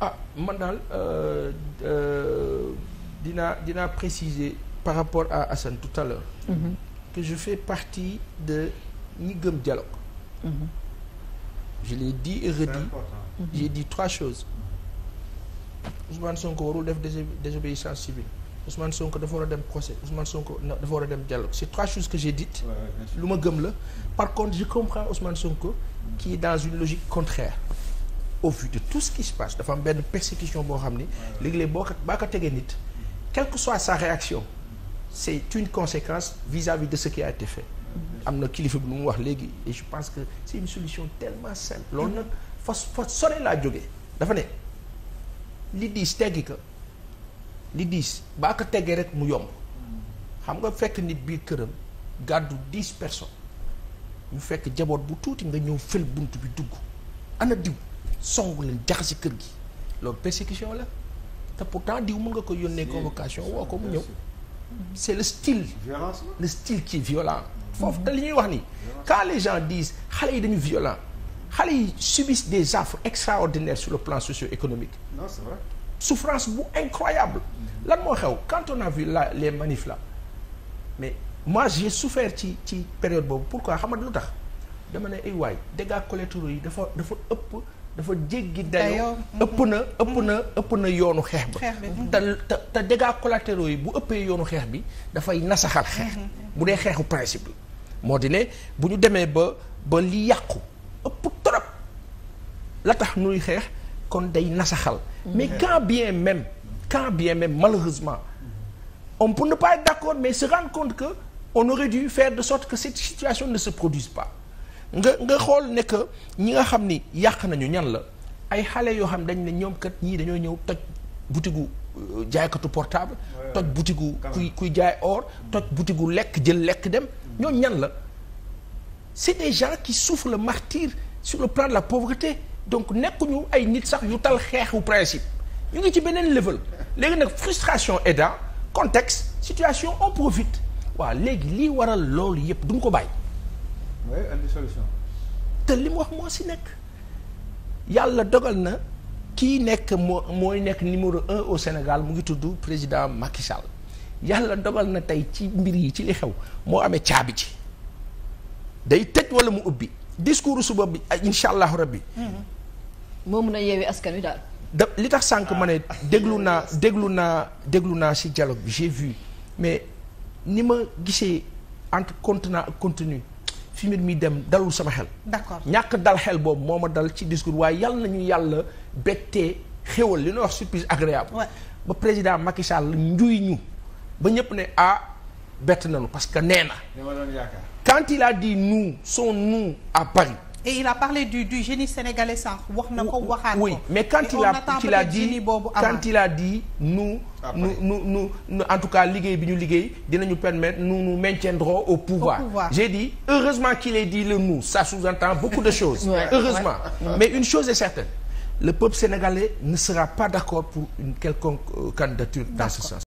ah man daal euh, euh, dinaa dinaa préciser par rapport à Assane tout à l'heure mm -hmm. que je fais partie de ñi gëm dialogue mm -hmm. je l'ai dit et redit mhm. j'ai dit trois choses Ousmane Sonko warul def désobéissance civile Ousmane Sonko dafa war dem procès Ousmane Sonko dafa war dem dialogue c'est trois choses que j'ai dites lu ma gëm la par contre je comprends Ousmane Sonko qui est dans une logique contraire au vu tout ce qui se dafa am benn persécution boo xam ni léegi-léeg boo ko baa ko tegee nit quelle que soit sa réaction c'est une conséquence vis-à-vis de ce qui a été fait mm-hmm. am na kilifa bi lu mu wax léegi et je pense que c'est une solution tellement simple loolu nag fa fa sore laa jóge dafa ne li diis teggi ko li diis baa ko teggee rek mu yomb xam nga fekk nit biir këram gàddu dix personnes ñu fekk jaboot bu tuuti nga ñëw fël bunt bi dugg ana diw songu leen jaxase kër gi loolu persécution la te pourtant diw mën nga ko yónnee convocation woo ko mu ñëw c'est le style violence le style qui violent foofu te li ñuy wax ni quand les gens disent xale yi dañu violent xale yi subissent des affres extraordinaires sur le plan socio-économique non c'est vrai souffrance bu incroyable lan moo xew quand on a vu la les manifs mais moi j'ai souffert ci ci période boobu pourquoi xam nga tax dama ne ay eh waay dégâts collatéraux yi dafa dafa ëpp dafa jéggi dayoo mm-hmm. ëpp na ëpp na ëpp na yoonu xeex bi te te te dégâts yi bu ëppee yoonu xeex bi dafay nasaxal xeex mm-hmm. bu dee xeexu principe moo di ne bu ñu demee ba ba li yàqu ëpp trop la tax nuy xeex kon day nasaxal mm-hmm. mais quand bien même quand bien même malheureusement on peut ne pas être d'accord mais se rendre compte que on aurait dû faire de sorte que cette situation ne se produise pas nga nga xool ne que ñi nga xam ni yàq nañu ñan la ay xale yoo xam dañ ne ñoom ñii dañoo ñëw toj butigu euh, jaaykatu portable toj butigu kuy kuy jaay or toj butigu lekk jël lekk dem ñoo ñan la c'est des gens qui la le martyre sur le plan de la pauvreté donc nekkuñu ay nit sax yu tal xeexu principe ñu ngi ci beneen level léegi nag frustration aidant contexte situation on profite waaw léegi lii waral loolu yëpp du mu ko bàyyi oui solution. te li mu wax moo si nekk yàlla dogal na kii nekk moo mooy nekk numéro un au Sénégal mu ngi tudd président Macky yàlla dogal na tey ci mbir yi ci li xew moo amee caabi ji day tëj wala mu ubbi discours suba bi incha allahu rabbi. Mm-hmm. moo mun a yeewee askan wi daal. da li tax sànq ma ne ah. déglu naa déglu naa déglu naa si dialogue bi j'ai vu mais ni ma gisee entre contenant ak contenu fi mbir mi dem dalul sama xel. d'accord ñàkk dal xel boobu moo ma dal ci discours waaye yàlla nañu yàlla bettee xéwal li ñuy wax surprise agréable. ba président Macky Sall njuy ñu ba ñëpp ne ah bett nanu parce que nee na. quand il a dit nous et il a parlé du génie sénégalais sànq wax na ko waxaat ko mais quand il a il a dit quand il a dit nous nous nous nous en tout cas liggéey bi ñu liggéey dinañu permettre nous nous maintiendrons au pouvoir j'ai dit heureusement qu'il ait dit le nous ça sous-entend beaucoup de choses heureusement mais une chose est certaine le peuple sénégalais ne sera pas d'accord pour une quelconque euh, candidature dans ce sens